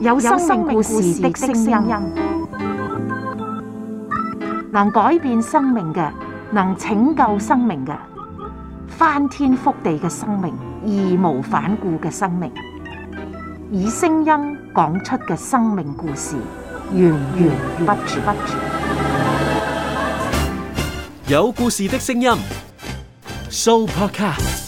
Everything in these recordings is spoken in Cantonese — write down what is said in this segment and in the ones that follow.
有生命故事的聲音，能改變生命嘅，能拯救生命嘅，翻天覆地嘅生命，義無反顧嘅生命，以聲音講出嘅生命故事，源源不絕。有故事的聲音，Soupercast。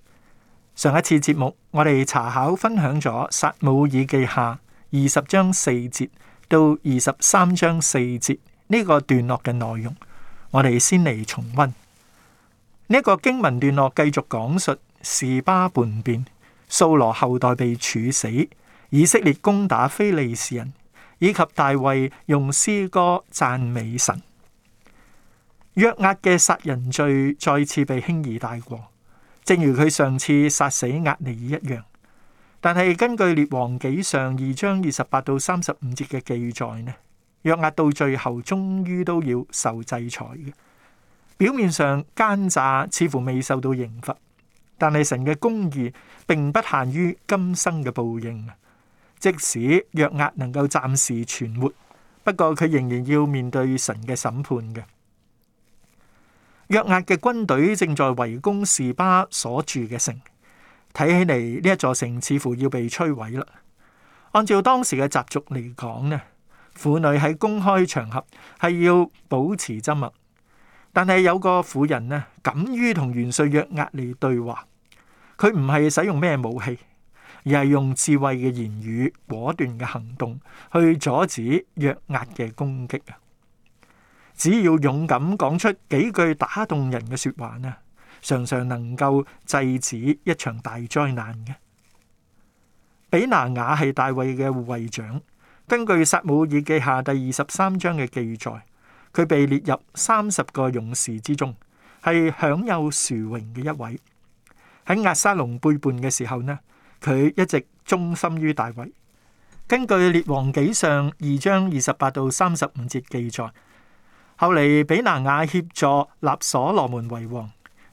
上一次節目，我哋查考分享咗《撒母耳記下》二十章四節到二十三章四節呢個段落嘅內容，我哋先嚟重溫呢個經文段落。繼續講述士巴叛變，掃羅後代被處死，以色列攻打非利士人，以及大衛用詩歌讚美神。約押嘅殺人罪再次被輕易帶過。正如佢上次殺死押尼珥一樣，但係根據《列王紀上》二章二十八到三十五節嘅記載呢，約押到最後終於都要受制裁嘅。表面上奸詐似乎未受到刑罰，但係神嘅公義並不限於今生嘅報應。即使約押能夠暫時存活，不過佢仍然要面對神嘅審判嘅。約押嘅軍隊正在圍攻示巴所住嘅城，睇起嚟呢一座城似乎要被摧毀啦。按照當時嘅習俗嚟講呢，婦女喺公開場合係要保持沉默，但係有個婦人呢，敢於同元帥約押嚟對話。佢唔係使用咩武器，而係用智慧嘅言語、果斷嘅行動去阻止約押嘅攻擊。只要勇敢講出幾句打動人嘅說話呢，常常能夠制止一場大災難嘅。比拿雅係大衛嘅護衛長，根據撒母耳記下第二十三章嘅記載，佢被列入三十個勇士之中，係享有殊榮嘅一位。喺押沙龍背叛嘅時候呢，佢一直忠心於大衛。根據列王紀上二章二十八到三十五節記載。後嚟比拿雅協助立所羅門為王，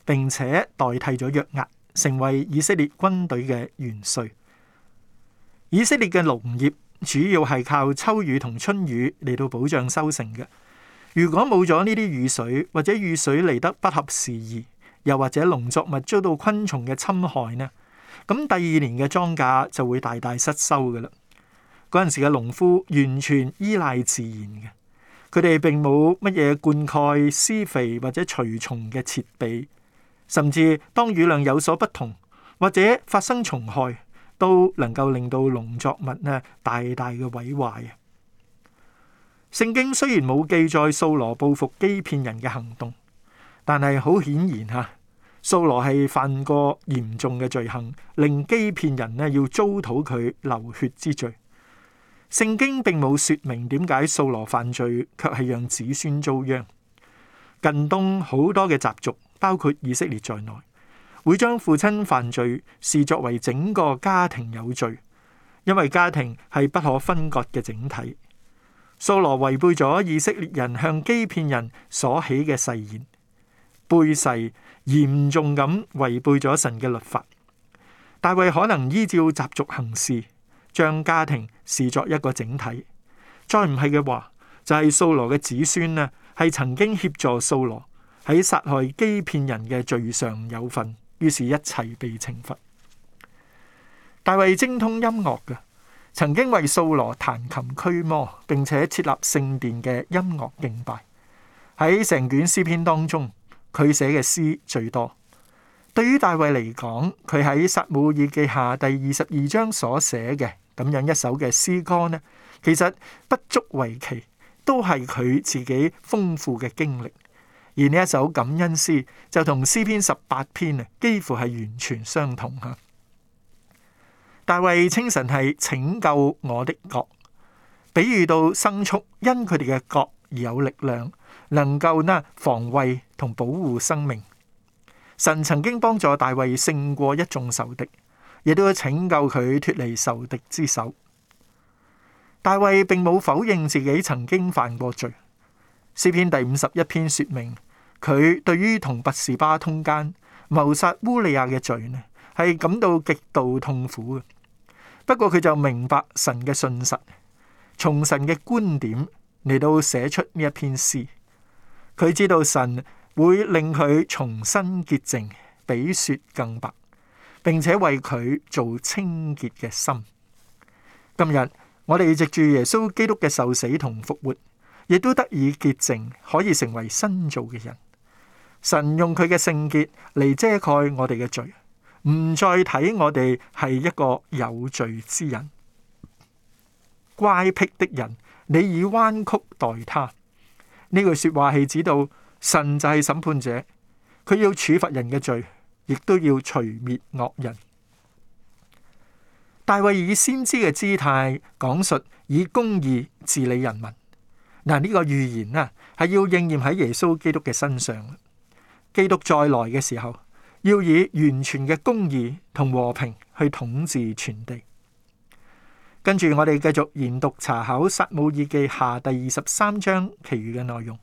並且代替咗約押，成為以色列軍隊嘅元帥。以色列嘅農業主要係靠秋雨同春雨嚟到保障收成嘅。如果冇咗呢啲雨水，或者雨水嚟得不合時宜，又或者農作物遭到昆蟲嘅侵害呢，咁第二年嘅莊稼就會大大失收㗎喇。嗰陣時嘅農夫完全依賴自然嘅。佢哋並冇乜嘢灌溉、施肥或者除蟲嘅設備，甚至當雨量有所不同，或者發生蟲害，都能夠令到農作物呢大大嘅毀壞。聖經雖然冇記載掃羅報復基遍人嘅行動，但係好顯然吓，掃羅係犯過嚴重嘅罪行，令基遍人呢要遭討佢流血之罪。聖經並冇說明點解掃羅犯罪，卻係讓子孫遭殃。近東好多嘅習俗，包括以色列在內，會將父親犯罪視作為整個家庭有罪，因為家庭係不可分割嘅整體。掃羅違背咗以色列人向基遍人所起嘅誓言，背誓嚴重咁違背咗神嘅律法。大衛可能依照習俗行事。將家庭視作一個整體，再唔係嘅話，就係、是、掃羅嘅子孫呢，係曾經協助掃羅喺殺害欺騙人嘅罪上有份，於是，一齊被懲罰。大衛精通音樂嘅，曾經為掃羅彈琴驅魔，並且設立聖殿嘅音樂敬拜。喺成卷詩篇當中，佢寫嘅詩最多。對於大衛嚟講，佢喺撒母耳記下第二十二章所寫嘅咁樣一首嘅詩歌呢，其實不足為奇，都係佢自己豐富嘅經歷。而呢一首感恩詩就同詩篇十八篇啊，幾乎係完全相同。哈，大衛清晨係拯救我的角，比喻到牲畜因佢哋嘅角而有力量，能夠呢防衛同保護生命。神曾經幫助大衛勝過一眾仇敵，亦都拯救佢脫離仇敵之手。大衛並冇否認自己曾經犯過罪。詩篇第五十一篇說明佢對於同拔士巴通姦、謀殺烏利亞嘅罪呢，係感到極度痛苦嘅。不過佢就明白神嘅信實，從神嘅觀點嚟到寫出呢一篇詩。佢知道神，會令佢重新潔淨，比雪更白，並且為佢做清潔嘅心。今日我哋藉住耶穌基督嘅受死同復活，亦都得以潔淨，可以成為新造嘅人。神用佢嘅聖潔嚟遮蓋我哋嘅罪，唔再睇我哋係一個有罪之人。乖僻的人，你以彎曲待他。呢句說話係指到。神就係審判者，佢要處罰人嘅罪，亦都要除滅惡人。大衛以先知嘅姿態講述，以公義治理人民。嗱，呢個預言啊，係要應驗喺耶穌基督嘅身上。基督再來嘅時候，要以完全嘅公義同和，和平去統治全地。跟住我哋繼續研讀查考撒母耳記下第二十三章其餘嘅內容。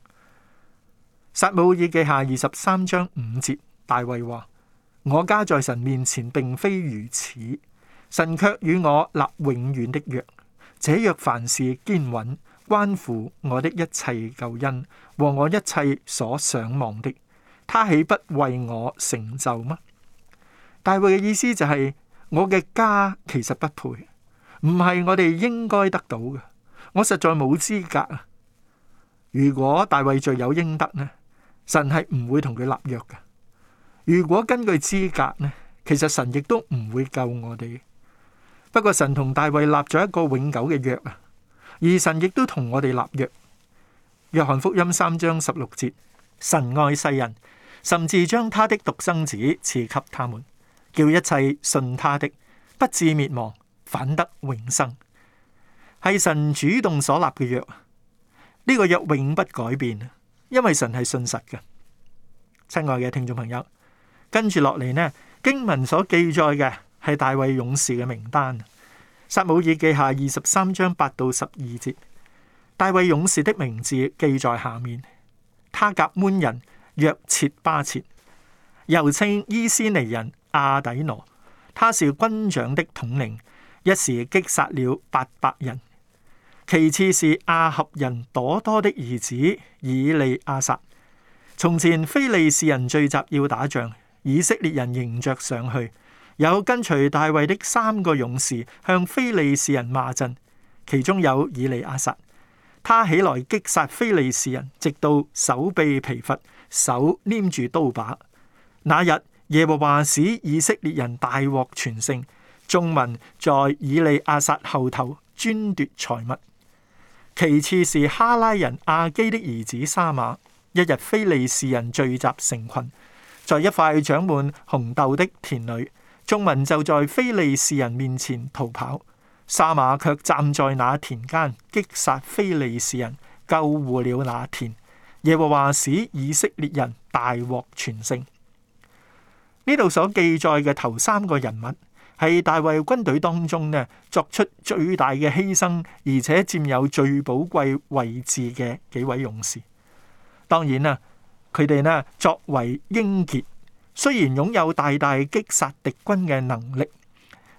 撒母耳記下二十三章五節，大衛話：我家在神面前並非如此，神卻與我立永遠的約。這約凡事堅穩，關乎我的一切救恩和我一切所想望的，他豈不為我成就嗎？大衛嘅意思就係、是、我嘅家其實不配，唔係我哋應該得到嘅，我實在冇資格啊！如果大衛罪有應得呢？神係唔會同佢立約嘅。如果根據資格呢，其實神亦都唔會救我哋。不過神同大衛立咗一個永久嘅約啊，而神亦都同我哋立約。約翰福音三章十六節：神愛世人，甚至將他的獨生子賜給他們，叫一切信他的，不致滅亡，反得永生。係神主動所立嘅約，呢個約永不改變。因為神係信實嘅，親愛嘅聽眾朋友，跟住落嚟呢經文所記載嘅係大衛勇士嘅名單。撒母耳記下二十三章八到十二節，大衛勇士的名字記在下面：他格門人約切巴切，又稱伊斯尼人亞底挪，他是軍長的統領，一時擊殺了八百人。其次是阿合人朵多的兒子以利亞撒。從前非利士人聚集要打仗，以色列人迎着上去。有跟隨大衛的三個勇士向非利士人罵陣，其中有以利亞撒。他起來擊殺非利士人，直到手臂疲乏，手黏住刀把。那日耶和華使以色列人大獲全勝，眾民在以利亞撒後頭專奪財物。其次是哈拉人阿基的兒子沙馬，一日非利士人聚集成群，在一塊長滿紅豆的田裏，眾民就在非利士人面前逃跑。沙馬卻站在那田間擊殺非利士人，救護了那田。耶和華使以色列人大獲全勝。呢度所記載嘅頭三個人物。係大衛軍隊當中呢，作出最大嘅犧牲，而且佔有最寶貴位置嘅幾位勇士。當然啊，佢哋呢，作為英傑，雖然擁有大大擊殺敵軍嘅能力，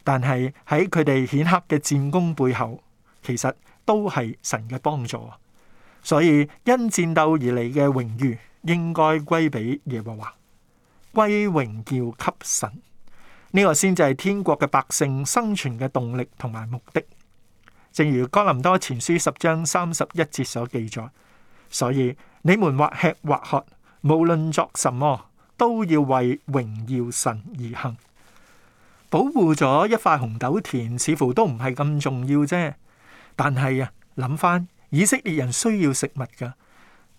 但係喺佢哋顯赫嘅戰功背後，其實都係神嘅幫助。所以因戰鬥而嚟嘅榮譽，應該歸俾耶和華，歸榮耀給神。呢個先至係天國嘅百姓生、生存嘅動力同埋目的，正如哥林多前書十章三十一節所記載。所以你們或吃或喝，無論作什麼，都要為榮耀神而行。保護咗一塊紅豆田，似乎都唔係咁重要啫。但係啊，諗翻以色列人需要食物噶，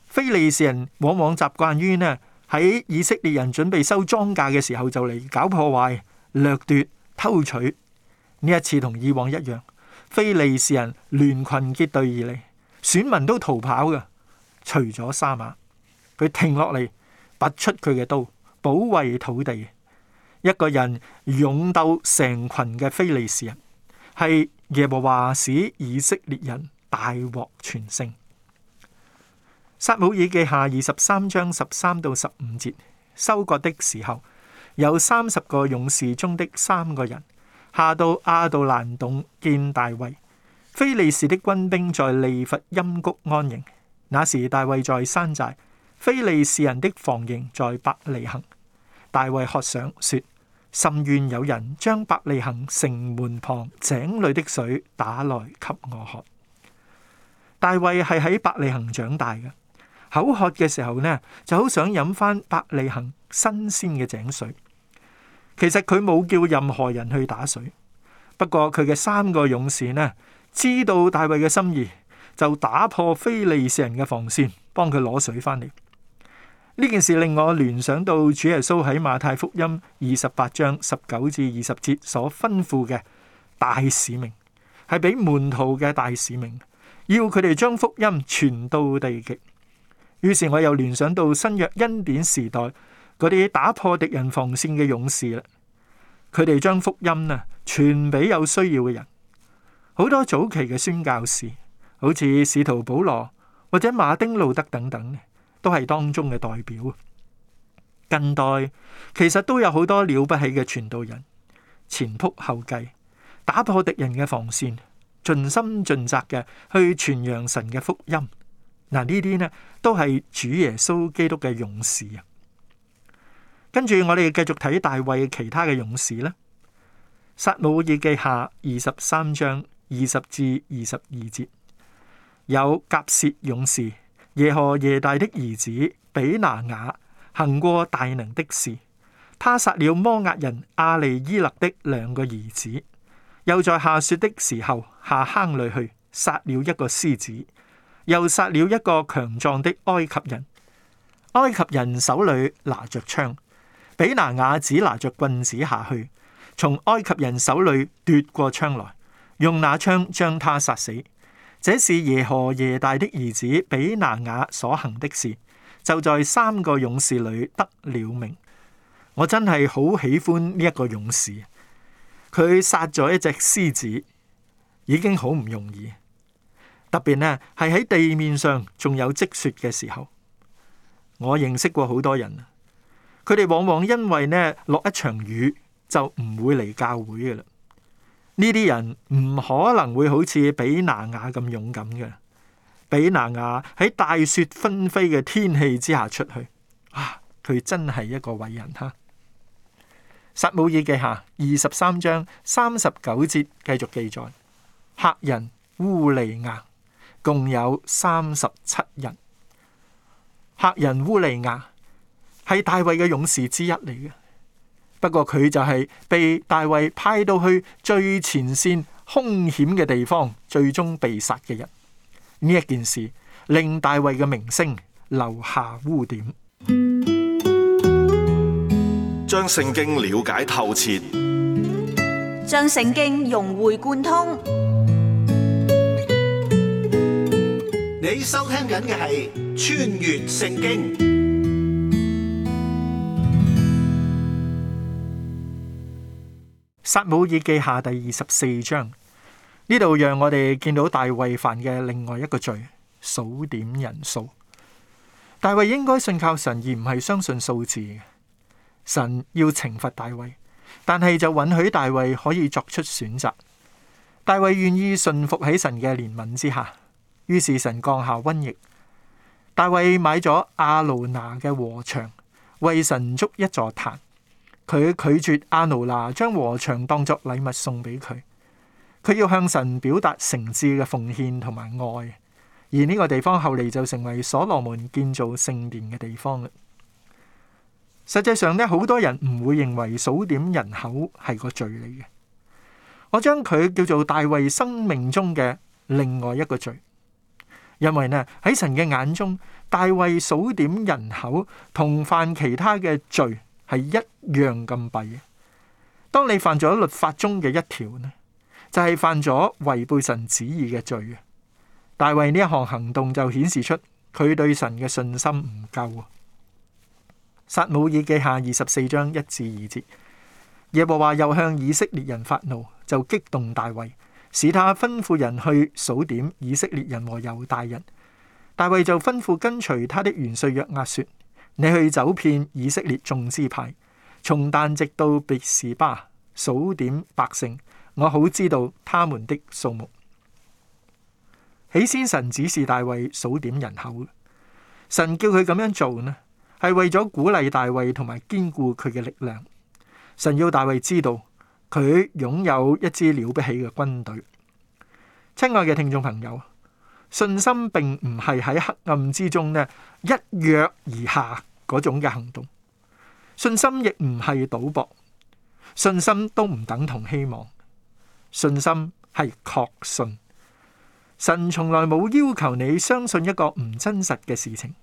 非利士人往往習慣於呢喺以色列人準備收莊稼嘅時候就嚟搞破壞。掠奪、偷取。呢一次同以往一樣，非利士人聯群結隊而來，選民都逃跑噶，除咗沙馬，佢停落嚟拔出佢嘅刀保衛土地，一個人勇鬥成群嘅非利士人，係耶和華使以色列人大獲全勝。撒母耳記下二十三章十三到十五節，收割的時候。有三十個勇士中的三個人下到阿杜蘭洞見大衛。非利士的軍兵在利乏音谷安營，那時大衛在山寨，非利士人的防營在伯利恆。大衛渴想說：「甚願有人將伯利恆城門旁井裏的水打來給我喝。大衛係喺伯利恆長大嘅，口渴嘅時候呢，就好想飲翻伯利恆新鮮嘅井水。其實佢冇叫任何人去打水，不過佢嘅三個勇士呢，知道大衛嘅心意，就打破非利士人嘅防線，幫佢攞水翻嚟。呢件事令我聯想到主耶穌喺馬太福音二十八章十九至二十節所吩咐嘅大使命，係俾門徒嘅大使命，要佢哋將福音傳到地極。於是我又聯想到新約恩典時代。嗰啲打破敵人防線嘅勇士啦，佢哋將福音呢傳俾有需要嘅人。好多早期嘅宣教士，好似使徒保羅或者馬丁路德等等，都係當中嘅代表。近代其實都有好多了不起嘅傳道人，前仆後繼，打破敵人嘅防線，盡心盡責嘅去傳揚神嘅福音。嗱，呢啲呢都係主耶穌基督嘅勇士啊！跟住我哋繼續睇大衛其他嘅勇士啦。《撒母耳記下》二十三章二十至二十二節，有甲薛勇士耶何耶大的兒子比拿雅行過大能的事，他殺了摩押人亞利伊勒的兩個兒子，又在下雪的時候下坑裏去殺了一個獅子，又殺了一個強壯的埃及人，埃及人手裏拿着槍。比拿雅只拿着棍子下去，從埃及人手裏奪過槍來，用那槍將他殺死。這是耶何耶大的兒子比拿雅所行的事，就在三個勇士裏得了名。我真係好喜歡呢一個勇士，佢殺咗一隻獅子，已經好唔容易，特別呢係喺地面上仲有積雪嘅時候。我認識過好多人。佢哋往往因為呢落一場雨就唔會嚟教會嘅啦。呢啲人唔可能會好似比拿雅咁勇敢嘅。比拿雅喺大雪紛飛嘅天氣之下出去，啊，佢真係一個偉人哈！撒母耳記下二十三章三十九節繼續記載：客人烏利亞共有三十七人。客人烏利亞。係大衛嘅勇士之一嚟嘅，不過佢就係被大衛派到去最前線、兇險嘅地方，最終被殺嘅人。呢一件事令大衛嘅名聲留下污點。將聖經了解透徹，將聖經融會貫通。你收聽緊嘅係《穿越聖經》。撒母耳記下第二十四章，呢度讓我哋見到大衛犯嘅另外一個罪，數點人數。大衛應該信靠神而唔係相信數字。神要懲罰大衛，但係就允許大衛可以作出選擇。大衛願意信服喺神嘅憐憫之下，於是神降下瘟疫。大衛買咗阿魯拿嘅禾場，為神築一座壇。佢拒絕阿奴娜將和祥當作禮物送俾佢，佢要向神表達誠摯嘅奉獻同埋愛，而呢個地方後嚟就成為所羅門建造聖殿嘅地方啦。實際上咧，好多人唔會認為數點人口係個罪嚟嘅，我將佢叫做大衛生命中嘅另外一個罪，因為呢，喺神嘅眼中，大衛數點人口同犯其他嘅罪係一樣咁弊嘅。當你犯咗律法中嘅一條呢，就係、是、犯咗違背神旨意嘅罪啊！大衛呢一項行、行動就顯示出佢對神嘅信心唔夠啊！撒母耳記下二十四章一至二節，耶和華又向以色列人發怒，就激動大衛，使他吩咐人去數點以色列人和猶大人。大衛就吩咐跟隨他的元帥約押說。你去走遍以色列眾支派，從但直到別是巴，數點百姓，我好知道他們的數目。起先神指示大衛數點人口，神叫佢咁樣做呢，係為咗鼓勵大衛同埋堅固佢嘅力量。神要大衛知道，佢擁有一支了不起嘅軍隊。親愛嘅聽眾朋友，信心並唔係喺黑暗之中咧一躍而下嗰種嘅行動，信心亦唔係賭博，信心都唔等同希望，信心係確信。神從來冇要求你相信一個唔真實嘅事情，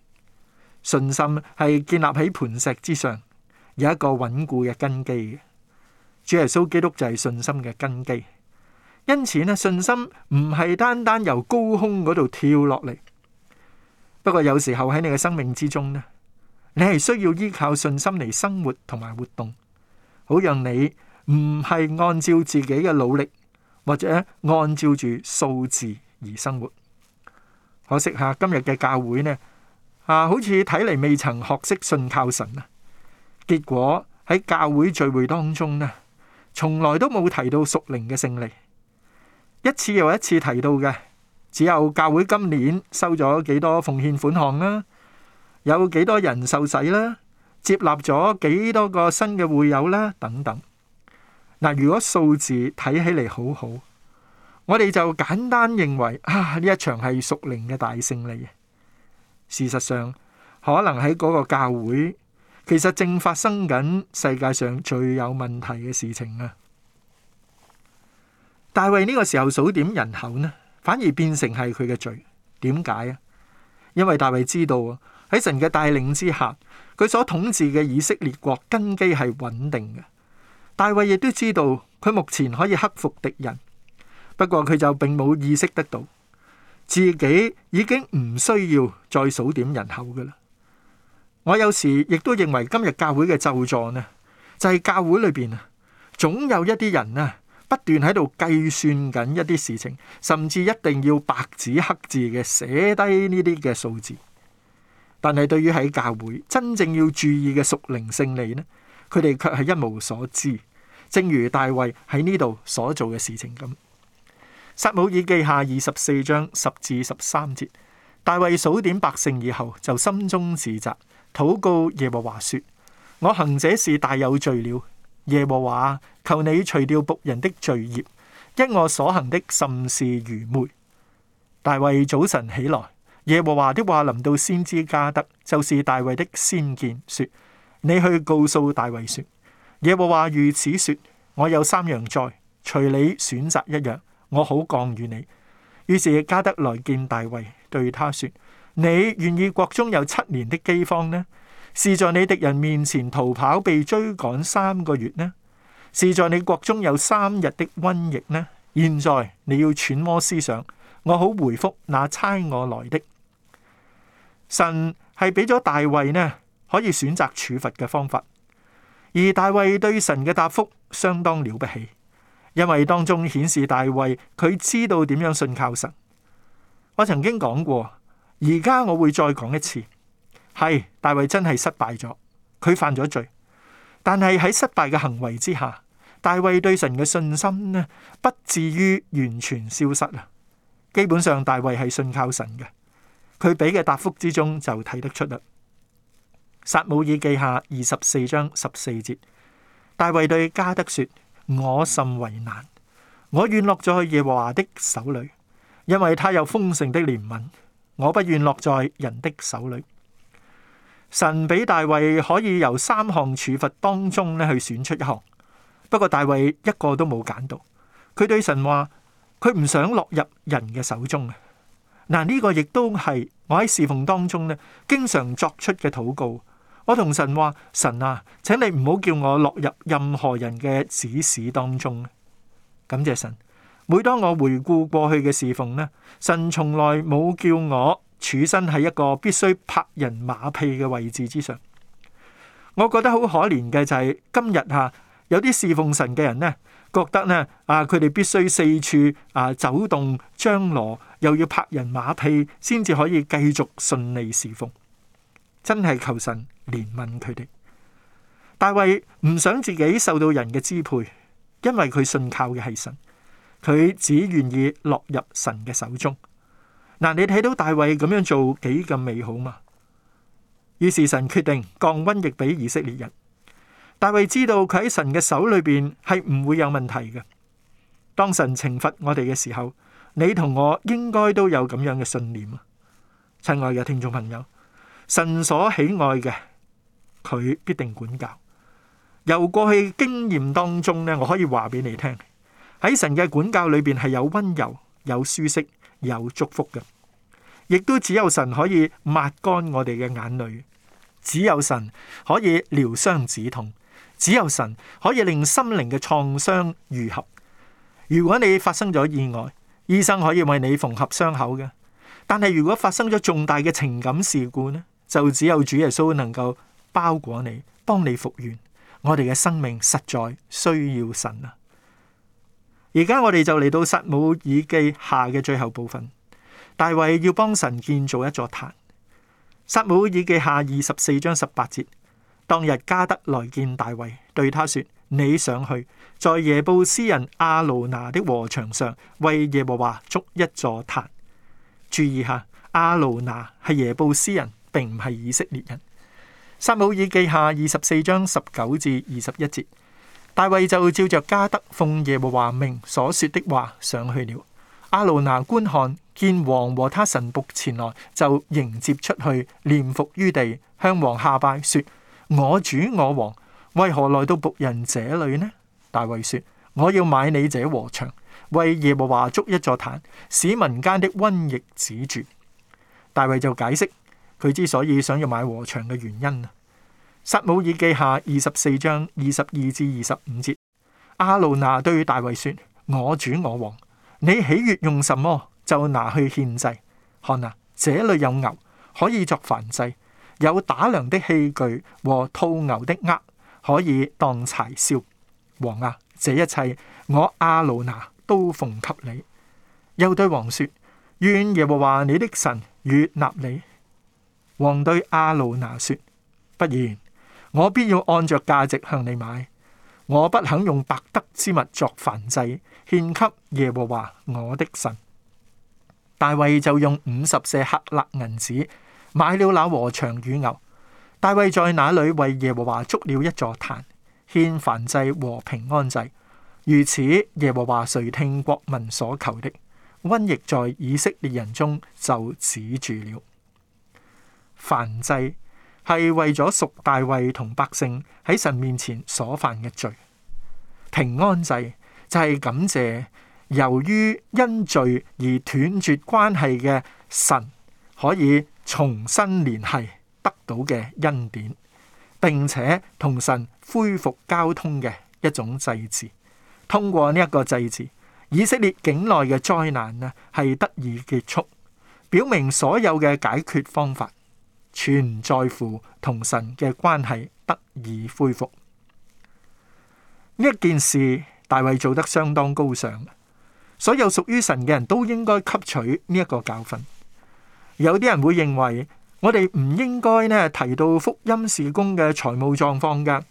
信心係建立喺磐石之上，有一個穩固嘅根基嘅。主耶穌基督就係信心嘅根基。因此呢，信心唔係單單由高空嗰度跳落嚟。不過有時候喺你嘅生命之中呢，你係需要依靠信心嚟生活同埋活動，好讓你唔係按照自己嘅努力或者按照住數字而生活。可惜吓，今日嘅教會呢啊，好似睇嚟未曾學識信靠神啊。結果喺教會聚會當中呢，從來都冇提到屬靈嘅勝利。一次又一次提到嘅，只有教會今年收咗幾多奉獻款項啦，有幾多人受洗啦，接納咗幾多個新嘅會友啦，等等。嗱，如果數字睇起嚟好好，我哋就簡單認為啊，呢一場係屬靈嘅大勝利。事實上，可能喺嗰個教會，其實正發生緊世界上最有問題嘅事情啊！大衛呢個時候數點人口呢，反而變成係佢嘅罪。點解啊？因為大衛知道喎，喺神嘅帶領之下，佢所統治嘅以色列國根基係穩定嘅。大衛亦都知道佢目前可以克服敵人，不過佢就並冇意識得到自己已經唔需要再數點人口噶啦。我有時亦都認為今日教會嘅咒狀呢，就係教會裏邊啊，總有一啲人啊。不斷喺度計算緊一啲事情，甚至一定要白紙黑字嘅寫低呢啲嘅數字。但係對於喺教會真正要注意嘅屬靈勝利呢，佢哋卻係一無所知。正如大衛喺呢度所做嘅事情咁，《撒母耳記下》二十四章十至十三節，大衛數點百姓以後，就心中自責，禱告耶和華說，我行這事大有罪了。耶和華，求你除掉僕人的罪孽，因我所行的甚是愚昧。大衛早晨起來，耶和華的話臨到先知加德，就是大衛的先見，說：你去告訴大衛說，耶和華如此說：我有三樣災，隨你選擇一樣，我好降與你。於是加德來見大衛，對他說：你願意國中有七年的饑荒呢？是在你敵人面前逃跑被追趕三個月呢？是在你國中有三日的瘟疫呢？現在你要揣摩思想，我好回覆那差我來的。神係俾咗大衛呢，可以選擇處罰嘅方法，而大衛對神嘅答覆相當了不起，因為當中顯示大衛佢知道點樣信靠神。我曾經講過，而家我會再講一次。係大衛真係失敗咗，佢犯咗罪，但係喺失敗嘅行為之下，大衛對神嘅信心呢，不至於完全消失啊。基本上，大衛係信靠神嘅，佢俾嘅答覆之中就睇得出嘞。撒母耳記下二十四章十四節，大衛對加德說：我甚為難，我願落咗去耶和華的手裏，因為他有豐盛的憐憫，我不願落在人的手裏。神俾大衛可以由三項處罰當中咧去選出一項，不過大衛一個都冇揀到。佢對神話：佢唔想落入人嘅手中啊！嗱，呢個亦都係我喺侍奉當中咧，經常作出嘅禱告。我同神話：神啊，請你唔好叫我落入任何人嘅指使當中。感謝神，每當我回顧過去嘅侍奉呢，神從來冇叫我。處身喺一個必須拍人馬屁嘅位置之上，我覺得好可憐嘅就係、是、今日吓有啲侍奉神嘅人呢，覺得呢啊佢哋必須四處啊走動張羅，又要拍人馬屁，先至可以繼續順利侍奉。真係求神憐憫佢哋。大衛唔想自己受到人嘅支配，因為佢信靠嘅係神，佢只願意落入神嘅手中。嗱，你睇到大衛咁樣做幾咁美好嘛？於是神決定降瘟疫俾以色列人。大衛知道佢喺神嘅手裏邊係唔會有問題嘅。當神懲罰我哋嘅時候，你同我應該都有咁樣嘅信念啊！親愛嘅聽眾朋友，神所喜愛嘅，佢必定管教。由過去經驗當中咧，我可以話俾你聽，喺神嘅管教裏邊係有溫柔，有舒適，有祝福嘅，亦都只有神可以抹乾我哋嘅眼淚，只有神可以療傷止痛，只有神可以令心靈嘅創傷癒合。如果你發生咗意外，醫生可以為你縫合傷口嘅，但係如果發生咗重大嘅情感事故呢，就只有主耶穌能夠包裹你，幫你復原。我哋嘅生命實在需要神啊！而家我哋就嚟到《撒母耳記下》嘅最後部分，大衛要幫神建造一座壇。《撒母耳記下》二十四章十八節，當日加德來見大衛，對他說：你上去，在耶布斯人亞魯拿的禾場上為耶和華築一座壇。注意下，亞魯拿係耶布斯人，並唔係以色列人。《撒母耳記下》二十四章十九至二十一節。大衛就照着加德奉耶和華命所說的話上去了。阿路拿觀看見王和他臣僕前來，就迎接出去，臉伏於地，向王下拜，說：我主我王，為何來到僕人這裏呢？大衛說：我要買你這禾場，為耶和華築一座壇，使民間的瘟疫止住。大衛就解釋佢之所以想要買禾場嘅原因。撒母耳記下二十四章二十二至二十五節，阿路拿對大衛說：我主我王，你喜悅用什麼就拿去獻祭。看啊，這裏有牛可以作燔祭，有打糧的器具和套牛的軛可以當柴燒。王啊，這一切我阿路拿都奉給你。又對王說：願耶和華你的神悅納你。王對阿路拿說：不然。我必要按着價值向你買，我不肯用白得之物作燔祭獻給耶和華我的神。大衛就用五十舍客勒銀子買了那禾場與牛。大衛在那裏為耶和華築了一座壇，獻燔祭和平安祭。如此，耶和華垂聽國民所求的，瘟疫在以色列人中就止住了。燔祭。係為咗贖大衛同百姓喺神面前所犯嘅罪，平安祭就係感謝由於因罪而斷絕關係嘅神可以重新聯繫得到嘅恩典，並且同神恢復交通嘅一種祭祀。通過呢一個祭祀，以色列境內嘅災難呢係得以結束，表明所有嘅解決方法。全唔在乎同神嘅關係得以恢復。呢一件事，大衛做得相當高尚。所有屬於神嘅人都應該吸取呢一個教訓。有啲人會認為我哋唔應該呢提到福音事工嘅財務狀況嘅。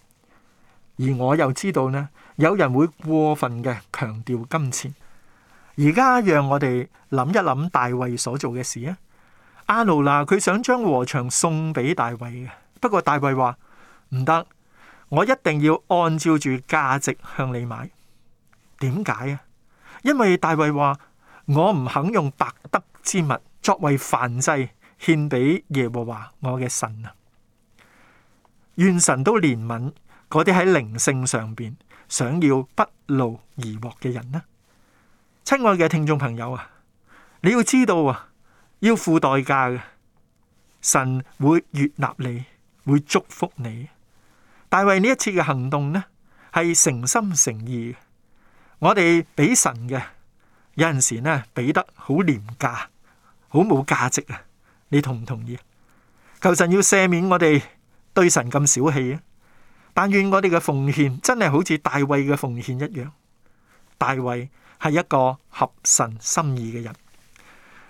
而我又知道呢，有人會過分嘅強調金錢。而家讓我哋諗一諗大衛所做嘅事啊！阿路娜，佢想將禾場送俾大衛嘅，不過大衛話唔得，我一定要按照住價值向你買。點解啊？因為大衛話我唔肯用白得之物作為燔祭獻俾耶和華我嘅神啊！願神都憐憫嗰啲喺靈性上邊想要不勞而獲嘅人呢。親愛嘅聽眾朋友啊，你要知道啊！要付代價嘅，神會悅納你，會祝福你。大衛呢一次嘅行動呢，係誠心誠意。我哋俾神嘅，有陣時呢俾得好廉價，好冇價值啊！你同唔同意？求神要赦免我哋對神咁小氣啊！但願我哋嘅奉獻真係好似大衛嘅奉獻一樣。大衛係一個合神心意嘅人。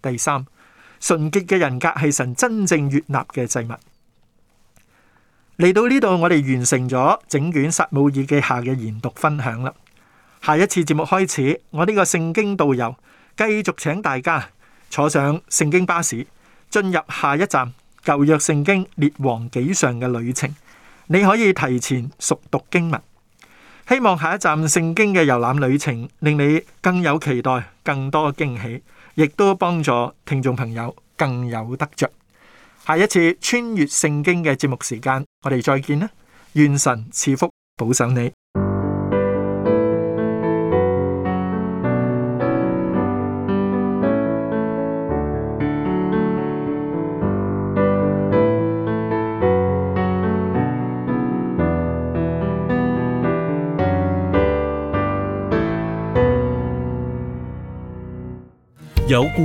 第三，純潔嘅人格係神真正悅納嘅祭物。嚟到呢度，我哋完成咗整卷撒母耳記下嘅研讀分享啦。下一次節目開始，我呢個聖經導遊繼續請大家坐上聖經巴士，進入下一站舊約聖經列王紀上嘅旅程。你可以提前熟讀經文，希望下一站聖經嘅遊覽旅程令你更有期待，更多驚喜。亦都幫助聽眾朋友更有得着。下一次穿越聖經嘅節目時間，我哋再見啦！願神賜福保守你。